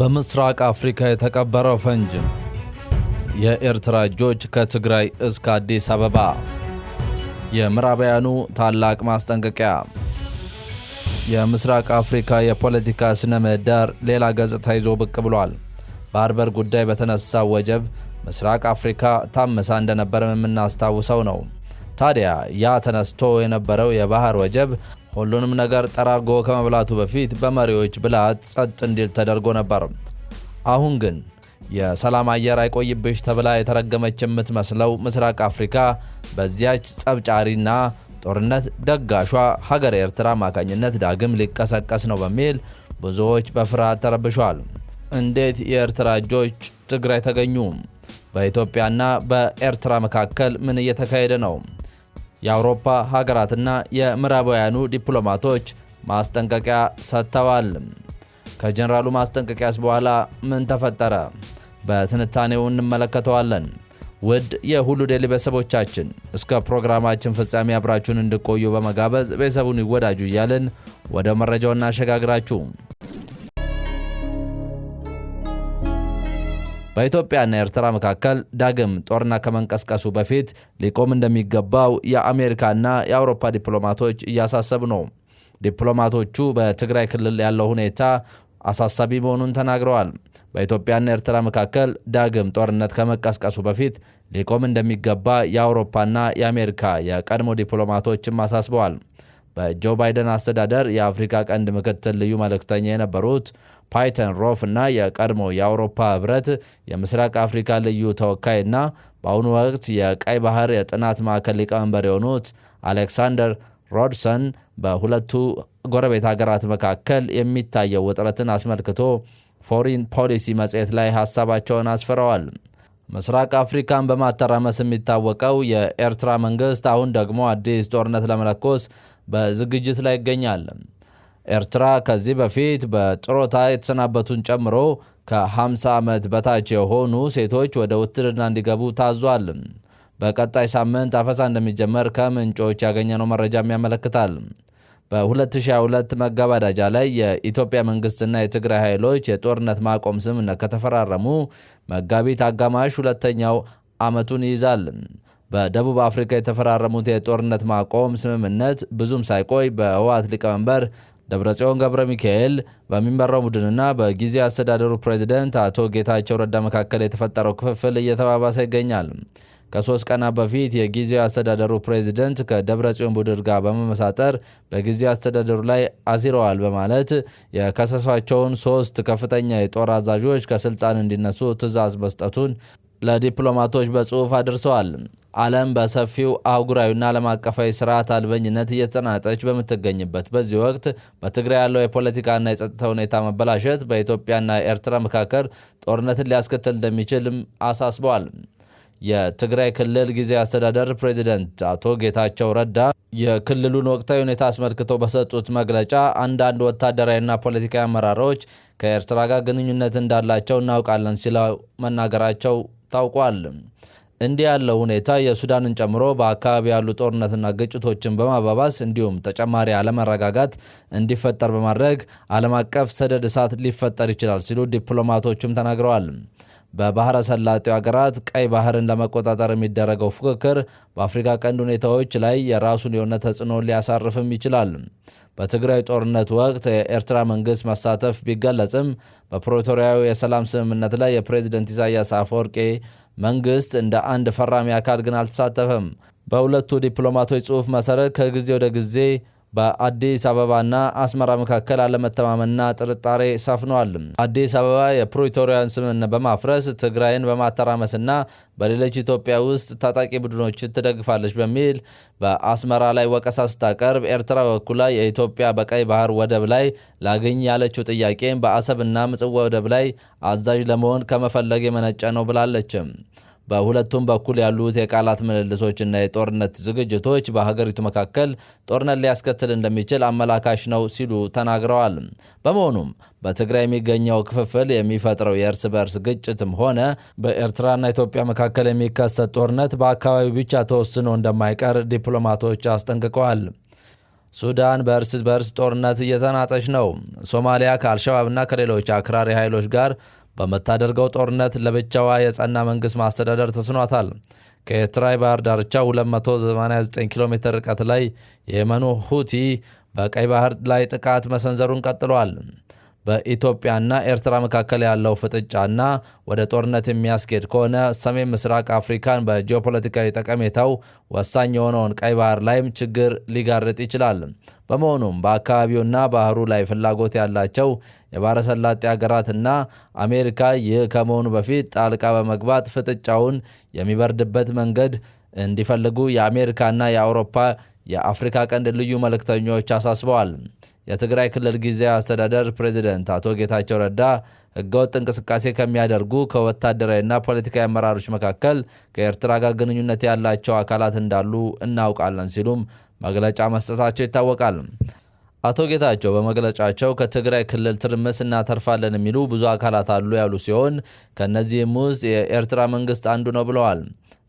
በምስራቅ አፍሪካ የተቀበረው ፈንጅ የኤርትራ እጆች ከትግራይ እስከ አዲስ አበባ። የምዕራባውያኑ ታላቅ ማስጠንቀቂያ። የምስራቅ አፍሪካ የፖለቲካ ስነ ምህዳር ሌላ ገጽታ ይዞ ብቅ ብሏል። በአርበር ጉዳይ በተነሳ ወጀብ ምስራቅ አፍሪካ ታመሳ እንደነበረም የምናስታውሰው ነው። ታዲያ ያ ተነስቶ የነበረው የባህር ወጀብ ሁሉንም ነገር ጠራርጎ ከመብላቱ በፊት በመሪዎች ብላት ጸጥ እንዲል ተደርጎ ነበር። አሁን ግን የሰላም አየር አይቆይብሽ ተብላ የተረገመች የምትመስለው ምስራቅ አፍሪካ በዚያች ጸብጫሪና ጦርነት ደጋሿ ሀገር ኤርትራ አማካኝነት ዳግም ሊቀሰቀስ ነው በሚል ብዙዎች በፍርሃት ተረብሸዋል። እንዴት የኤርትራ እጆች ትግራይ ተገኙ? በኢትዮጵያና በኤርትራ መካከል ምን እየተካሄደ ነው? የአውሮፓ ሀገራትና የምዕራባውያኑ ዲፕሎማቶች ማስጠንቀቂያ ሰጥተዋል። ከጀኔራሉ ማስጠንቀቂያስ በኋላ ምን ተፈጠረ? በትንታኔው እንመለከተዋለን። ውድ የሁሉ ዴይሊ ቤተሰቦቻችን እስከ ፕሮግራማችን ፍጻሜ አብራችሁን እንድቆዩ በመጋበዝ ቤተሰቡን ይወዳጁ እያልን ወደ መረጃው እናሸጋግራችሁ። በኢትዮጵያና ኤርትራ መካከል ዳግም ጦርነት ከመንቀስቀሱ በፊት ሊቆም እንደሚገባው የአሜሪካና የአውሮፓ ዲፕሎማቶች እያሳሰቡ ነው። ዲፕሎማቶቹ በትግራይ ክልል ያለው ሁኔታ አሳሳቢ መሆኑን ተናግረዋል። በኢትዮጵያና ኤርትራ መካከል ዳግም ጦርነት ከመቀስቀሱ በፊት ሊቆም እንደሚገባ የአውሮፓና የአሜሪካ የቀድሞ ዲፕሎማቶችም አሳስበዋል። በጆ ባይደን አስተዳደር የአፍሪካ ቀንድ ምክትል ልዩ መልእክተኛ የነበሩት ፓይተን ሮፍ እና የቀድሞ የአውሮፓ ህብረት የምስራቅ አፍሪካ ልዩ ተወካይ እና በአሁኑ ወቅት የቀይ ባህር የጥናት ማዕከል ሊቀመንበር የሆኑት አሌክሳንደር ሮድሰን በሁለቱ ጎረቤት ሀገራት መካከል የሚታየው ውጥረትን አስመልክቶ ፎሪን ፖሊሲ መጽሔት ላይ ሀሳባቸውን አስፍረዋል። ምስራቅ አፍሪካን በማተራመስ የሚታወቀው የኤርትራ መንግስት አሁን ደግሞ አዲስ ጦርነት ለመለኮስ በዝግጅት ላይ ይገኛል። ኤርትራ ከዚህ በፊት በጥሮታ የተሰናበቱን ጨምሮ ከ50 ዓመት በታች የሆኑ ሴቶች ወደ ውትድርና እንዲገቡ ታዟል። በቀጣይ ሳምንት አፈሳ እንደሚጀመር ከምንጮች ያገኘነው መረጃም ያመለክታል። በ2022 መገባዳጃ ላይ የኢትዮጵያ መንግስትና የትግራይ ኃይሎች የጦርነት ማቆም ስምምነት ከተፈራረሙ መጋቢት አጋማሽ ሁለተኛው ዓመቱን ይይዛል። በደቡብ አፍሪካ የተፈራረሙት የጦርነት ማቆም ስምምነት ብዙም ሳይቆይ በህወሓት ሊቀመንበር ደብረጽዮን ገብረ ሚካኤል በሚመራው ቡድንና በጊዜ አስተዳደሩ ፕሬዚደንት አቶ ጌታቸው ረዳ መካከል የተፈጠረው ክፍፍል እየተባባሰ ይገኛል። ከሶስት ቀናት በፊት የጊዜ አስተዳደሩ ፕሬዚደንት ከደብረጽዮን ቡድን ጋር በመመሳጠር በጊዜ አስተዳደሩ ላይ አሲረዋል በማለት የከሰሷቸውን ሶስት ከፍተኛ የጦር አዛዦች ከስልጣን እንዲነሱ ትእዛዝ መስጠቱን ለዲፕሎማቶች በጽሑፍ አድርሰዋል። ዓለም በሰፊው አህጉራዊና ዓለም አቀፋዊ ስርዓት አልበኝነት እየተጠናጠች በምትገኝበት በዚህ ወቅት በትግራይ ያለው የፖለቲካና የጸጥታ ሁኔታ መበላሸት በኢትዮጵያና ኤርትራ መካከል ጦርነትን ሊያስከትል እንደሚችልም አሳስበዋል። የትግራይ ክልል ጊዜ አስተዳደር ፕሬዚደንት አቶ ጌታቸው ረዳ የክልሉን ወቅታዊ ሁኔታ አስመልክቶ በሰጡት መግለጫ አንዳንድ ወታደራዊና ፖለቲካዊ አመራሮች ከኤርትራ ጋር ግንኙነት እንዳላቸው እናውቃለን ሲለው መናገራቸው ታውቋል። እንዲህ ያለው ሁኔታ የሱዳንን ጨምሮ በአካባቢ ያሉ ጦርነትና ግጭቶችን በማባባስ እንዲሁም ተጨማሪ አለመረጋጋት እንዲፈጠር በማድረግ ዓለም አቀፍ ሰደድ እሳት ሊፈጠር ይችላል ሲሉ ዲፕሎማቶችም ተናግረዋል። በባህረ ሰላጤው ሀገራት ቀይ ባህርን ለመቆጣጠር የሚደረገው ፉክክር በአፍሪካ ቀንድ ሁኔታዎች ላይ የራሱን የሆነ ተጽዕኖ ሊያሳርፍም ይችላል። በትግራይ ጦርነት ወቅት የኤርትራ መንግስት መሳተፍ ቢገለጽም በፕሪቶሪያው የሰላም ስምምነት ላይ የፕሬዚደንት ኢሳያስ አፈወርቄ መንግስት እንደ አንድ ፈራሚ አካል ግን አልተሳተፈም። በሁለቱ ዲፕሎማቶች ጽሑፍ መሰረት ከጊዜ ወደ ጊዜ በአዲስ አበባና አስመራ መካከል አለመተማመንና ጥርጣሬ ሰፍነዋል። አዲስ አበባ የፕሪቶሪያን ስምምነት በማፍረስ ትግራይን በማተራመስና በሌሎች ኢትዮጵያ ውስጥ ታጣቂ ቡድኖችን ትደግፋለች በሚል በአስመራ ላይ ወቀሳ ስታቀርብ ኤርትራ በኩላ የኢትዮጵያ በቀይ ባህር ወደብ ላይ ላገኝ ያለችው ጥያቄ በአሰብና ምጽዋ ወደብ ላይ አዛዥ ለመሆን ከመፈለግ የመነጨ ነው ብላለችም። በሁለቱም በኩል ያሉት የቃላት ምልልሶች እና የጦርነት ዝግጅቶች በሀገሪቱ መካከል ጦርነት ሊያስከትል እንደሚችል አመላካሽ ነው ሲሉ ተናግረዋል። በመሆኑም በትግራይ የሚገኘው ክፍፍል የሚፈጥረው የእርስ በእርስ ግጭትም ሆነ በኤርትራና ኢትዮጵያ መካከል የሚከሰት ጦርነት በአካባቢው ብቻ ተወስኖ እንደማይቀር ዲፕሎማቶች አስጠንቅቀዋል። ሱዳን በእርስ በርስ ጦርነት እየተናጠች ነው። ሶማሊያ ከአልሸባብና ከሌሎች አክራሪ ኃይሎች ጋር በምታደርገው ጦርነት ለብቻዋ የጸና መንግሥት ማስተዳደር ተስኗታል። ከኤርትራ የባህር ዳርቻ 289 ኪሎ ሜትር ርቀት ላይ የየመኑ ሁቲ በቀይ ባህር ላይ ጥቃት መሰንዘሩን ቀጥሏል። በኢትዮጵያና ኤርትራ መካከል ያለው ፍጥጫና ወደ ጦርነት የሚያስኬድ ከሆነ ሰሜን ምስራቅ አፍሪካን በጂኦፖለቲካዊ ጠቀሜታው ወሳኝ የሆነውን ቀይ ባህር ላይም ችግር ሊጋርጥ ይችላል። በመሆኑም በአካባቢውና ባህሩ ላይ ፍላጎት ያላቸው የባረሰላጤ ሀገራትና አሜሪካ ይህ ከመሆኑ በፊት ጣልቃ በመግባት ፍጥጫውን የሚበርድበት መንገድ እንዲፈልጉ የአሜሪካና የአውሮፓ የአፍሪካ ቀንድ ልዩ መልእክተኞች አሳስበዋል። የትግራይ ክልል ጊዜ አስተዳደር ፕሬዚደንት አቶ ጌታቸው ረዳ ህገወጥ እንቅስቃሴ ከሚያደርጉ ከወታደራዊና ፖለቲካዊ አመራሮች መካከል ከኤርትራ ጋር ግንኙነት ያላቸው አካላት እንዳሉ እናውቃለን ሲሉም መግለጫ መስጠታቸው ይታወቃል። አቶ ጌታቸው በመግለጫቸው ከትግራይ ክልል ትርምስ እናተርፋለን የሚሉ ብዙ አካላት አሉ ያሉ ሲሆን ከእነዚህም ውስጥ የኤርትራ መንግስት አንዱ ነው ብለዋል።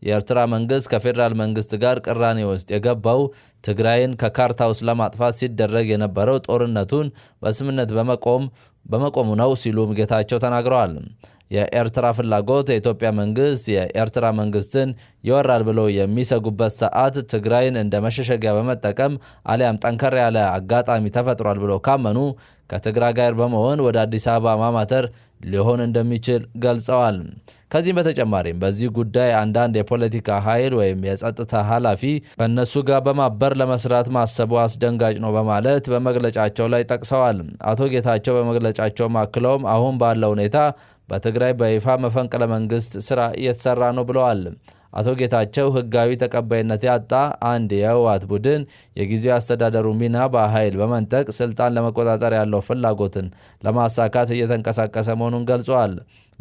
የኤርትራ መንግስት ከፌዴራል መንግስት ጋር ቅራኔ ውስጥ የገባው ትግራይን ከካርታ ውስጥ ለማጥፋት ሲደረግ የነበረው ጦርነቱን በስምነት በመቆሙ ነው ሲሉም ጌታቸው ተናግረዋል። የኤርትራ ፍላጎት የኢትዮጵያ መንግስት የኤርትራ መንግስትን ይወራል ብለው የሚሰጉበት ሰዓት ትግራይን እንደ መሸሸጊያ በመጠቀም አሊያም ጠንከር ያለ አጋጣሚ ተፈጥሯል ብለው ካመኑ ከትግራይ ጋር በመሆን ወደ አዲስ አበባ ማማተር ሊሆን እንደሚችል ገልጸዋል። ከዚህም በተጨማሪም በዚህ ጉዳይ አንዳንድ የፖለቲካ ኃይል ወይም የጸጥታ ኃላፊ ከእነሱ ጋር በማበር ለመስራት ማሰቡ አስደንጋጭ ነው በማለት በመግለጫቸው ላይ ጠቅሰዋል። አቶ ጌታቸው በመግለጫቸው አክለውም አሁን ባለው ሁኔታ በትግራይ በይፋ መፈንቅለ መንግስት ስራ እየተሰራ ነው ብለዋል። አቶ ጌታቸው ህጋዊ ተቀባይነት ያጣ አንድ የህወሓት ቡድን የጊዜው አስተዳደሩ ሚና በኃይል በመንጠቅ ስልጣን ለመቆጣጠር ያለው ፍላጎትን ለማሳካት እየተንቀሳቀሰ መሆኑን ገልጿል።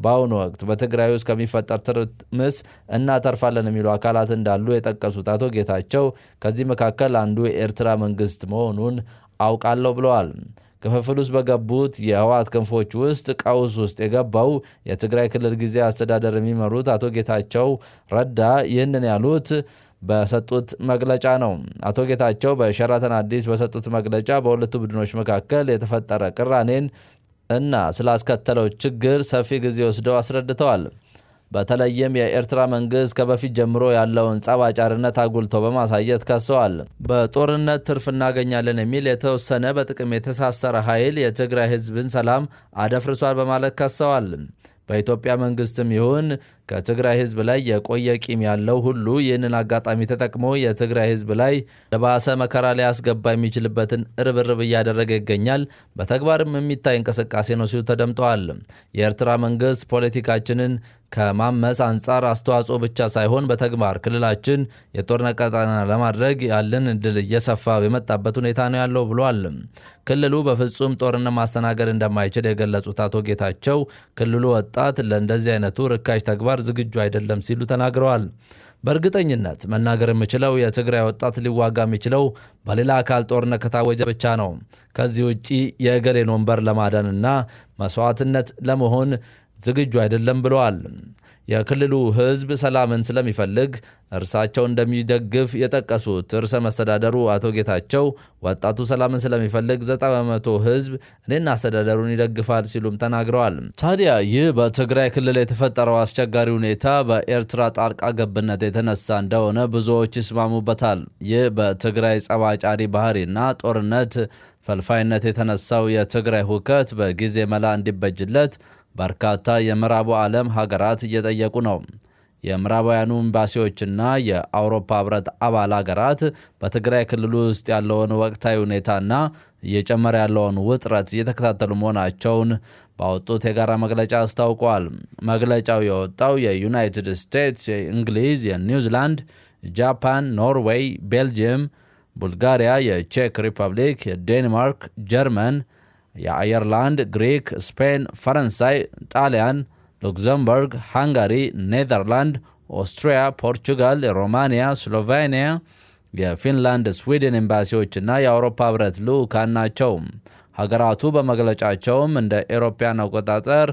በአሁኑ ወቅት በትግራይ ውስጥ ከሚፈጠር ትርምስ እናተርፋለን የሚሉ አካላት እንዳሉ የጠቀሱት አቶ ጌታቸው ከዚህ መካከል አንዱ የኤርትራ መንግስት መሆኑን አውቃለሁ ብለዋል። ክፍፍል ውስጥ በገቡት የህወሓት ክንፎች ውስጥ ቀውስ ውስጥ የገባው የትግራይ ክልል ጊዜ አስተዳደር የሚመሩት አቶ ጌታቸው ረዳ ይህንን ያሉት በሰጡት መግለጫ ነው። አቶ ጌታቸው በሸራተን አዲስ በሰጡት መግለጫ በሁለቱ ቡድኖች መካከል የተፈጠረ ቅራኔን እና ስላስከተለው ችግር ሰፊ ጊዜ ወስደው አስረድተዋል። በተለይም የኤርትራ መንግስት ከበፊት ጀምሮ ያለውን ጸብ አጉልቶ በማሳየት ከሰዋል። በጦርነት ትርፍ እናገኛለን የሚል የተወሰነ በጥቅም የተሳሰረ ኃይል የትግራይ ህዝብን ሰላም አደፍርሷል በማለት ከሰዋል። በኢትዮጵያ መንግስትም ይሁን ከትግራይ ህዝብ ላይ የቆየ ቂም ያለው ሁሉ ይህንን አጋጣሚ ተጠቅሞ የትግራይ ህዝብ ላይ ለባሰ መከራ ሊያስገባ የሚችልበትን እርብርብ እያደረገ ይገኛል። በተግባርም የሚታይ እንቅስቃሴ ነው ሲሉ ተደምጠዋል። የኤርትራ መንግስት ፖለቲካችንን ከማመስ አንጻር አስተዋጽኦ ብቻ ሳይሆን በተግባር ክልላችን የጦርነት ቀጠና ለማድረግ ያለን እድል እየሰፋ የመጣበት ሁኔታ ነው ያለው ብሏል። ክልሉ በፍጹም ጦርነት ማስተናገድ እንደማይችል የገለጹት አቶ ጌታቸው ክልሉ ወጣት ለእንደዚህ አይነቱ ርካሽ ተግባር ለመማር ዝግጁ አይደለም ሲሉ ተናግረዋል። በእርግጠኝነት መናገር የምችለው የትግራይ ወጣት ሊዋጋ የሚችለው በሌላ አካል ጦርነት ከታወጀ ብቻ ነው። ከዚህ ውጪ የእገሌን ወንበር ለማዳንና መስዋዕትነት ለመሆን ዝግጁ አይደለም ብለዋል። የክልሉ ህዝብ ሰላምን ስለሚፈልግ እርሳቸው እንደሚደግፍ የጠቀሱት ርዕሰ መስተዳደሩ አቶ ጌታቸው ወጣቱ ሰላምን ስለሚፈልግ ዘጠና በመቶ ህዝብ እኔና አስተዳደሩን ይደግፋል ሲሉም ተናግረዋል። ታዲያ ይህ በትግራይ ክልል የተፈጠረው አስቸጋሪ ሁኔታ በኤርትራ ጣልቃ ገብነት የተነሳ እንደሆነ ብዙዎች ይስማሙበታል። ይህ በትግራይ ጸባጫሪ ባህሪና ጦርነት ፈልፋይነት የተነሳው የትግራይ ሁከት በጊዜ መላ እንዲበጅለት በርካታ የምዕራቡ ዓለም ሀገራት እየጠየቁ ነው። የምዕራባውያኑ ኤምባሲዎችና የአውሮፓ ህብረት አባል ሀገራት በትግራይ ክልል ውስጥ ያለውን ወቅታዊ ሁኔታና እየጨመረ ያለውን ውጥረት እየተከታተሉ መሆናቸውን ባወጡት የጋራ መግለጫ አስታውቋል። መግለጫው የወጣው የዩናይትድ ስቴትስ፣ የእንግሊዝ፣ የኒውዚላንድ፣ ጃፓን፣ ኖርዌይ፣ ቤልጅየም፣ ቡልጋሪያ፣ የቼክ ሪፐብሊክ፣ የዴንማርክ፣ ጀርመን የአየርላንድ፣ ግሪክ፣ ስፔን፣ ፈረንሳይ፣ ጣሊያን፣ ሉክዘምበርግ፣ ሃንጋሪ፣ ኔዘርላንድ፣ ኦስትሪያ፣ ፖርቹጋል፣ ሮማንያ፣ ስሎቬንያ፣ የፊንላንድ፣ ስዊድን ኤምባሲዎችና የአውሮፓ ህብረት ልዑካን ናቸው። ሀገራቱ በመግለጫቸውም እንደ ኤሮፓያን አቆጣጠር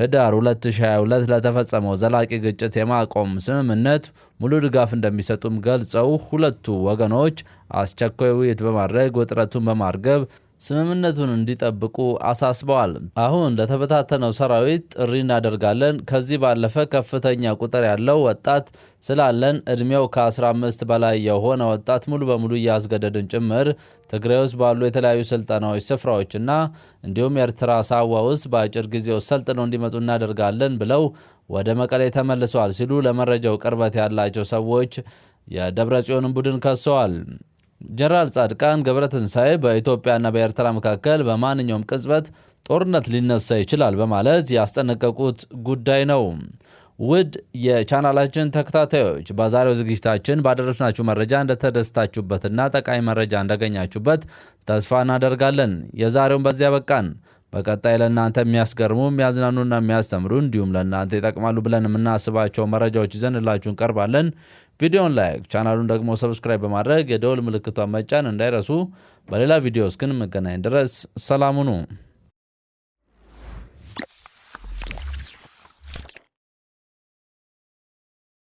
ህዳር 2022 ለተፈጸመው ዘላቂ ግጭት የማቆም ስምምነት ሙሉ ድጋፍ እንደሚሰጡም ገልጸው ሁለቱ ወገኖች አስቸኳይ ውይይት በማድረግ ውጥረቱን በማርገብ ስምምነቱን እንዲጠብቁ አሳስበዋል። አሁን ለተበታተነው ሰራዊት ጥሪ እናደርጋለን። ከዚህ ባለፈ ከፍተኛ ቁጥር ያለው ወጣት ስላለን እድሜው ከ15 በላይ የሆነ ወጣት ሙሉ በሙሉ እያስገደድን ጭምር ትግራይ ውስጥ ባሉ የተለያዩ ስልጠናዎች ስፍራዎችና እንዲሁም ኤርትራ ሳዋ ውስጥ በአጭር ጊዜ ውስጥ ሰልጥነው እንዲመጡ እናደርጋለን ብለው ወደ መቀሌ ተመልሰዋል ሲሉ ለመረጃው ቅርበት ያላቸው ሰዎች የደብረ ጽዮንን ቡድን ከሰዋል። ጀነራል ጻድቃን ገብረትንሳኤ በኢትዮጵያና በኤርትራ መካከል በማንኛውም ቅጽበት ጦርነት ሊነሳ ይችላል በማለት ያስጠነቀቁት ጉዳይ ነው። ውድ የቻናላችን ተከታታዮች በዛሬው ዝግጅታችን ባደረስናችሁ መረጃ እንደተደስታችሁበትና ጠቃሚ መረጃ እንዳገኛችሁበት ተስፋ እናደርጋለን። የዛሬውን በዚያ በቃን። በቀጣይ ለእናንተ የሚያስገርሙ የሚያዝናኑና የሚያስተምሩ እንዲሁም ለእናንተ ይጠቅማሉ ብለን የምናስባቸው መረጃዎች ይዘንላችሁ እንቀርባለን። ቪዲዮን ላይክ፣ ቻናሉን ደግሞ ሰብስክራይብ በማድረግ የደውል ምልክቷን መጫን እንዳይረሱ። በሌላ ቪዲዮ እስክንመገናኝ ድረስ ሰላም ሁኑ።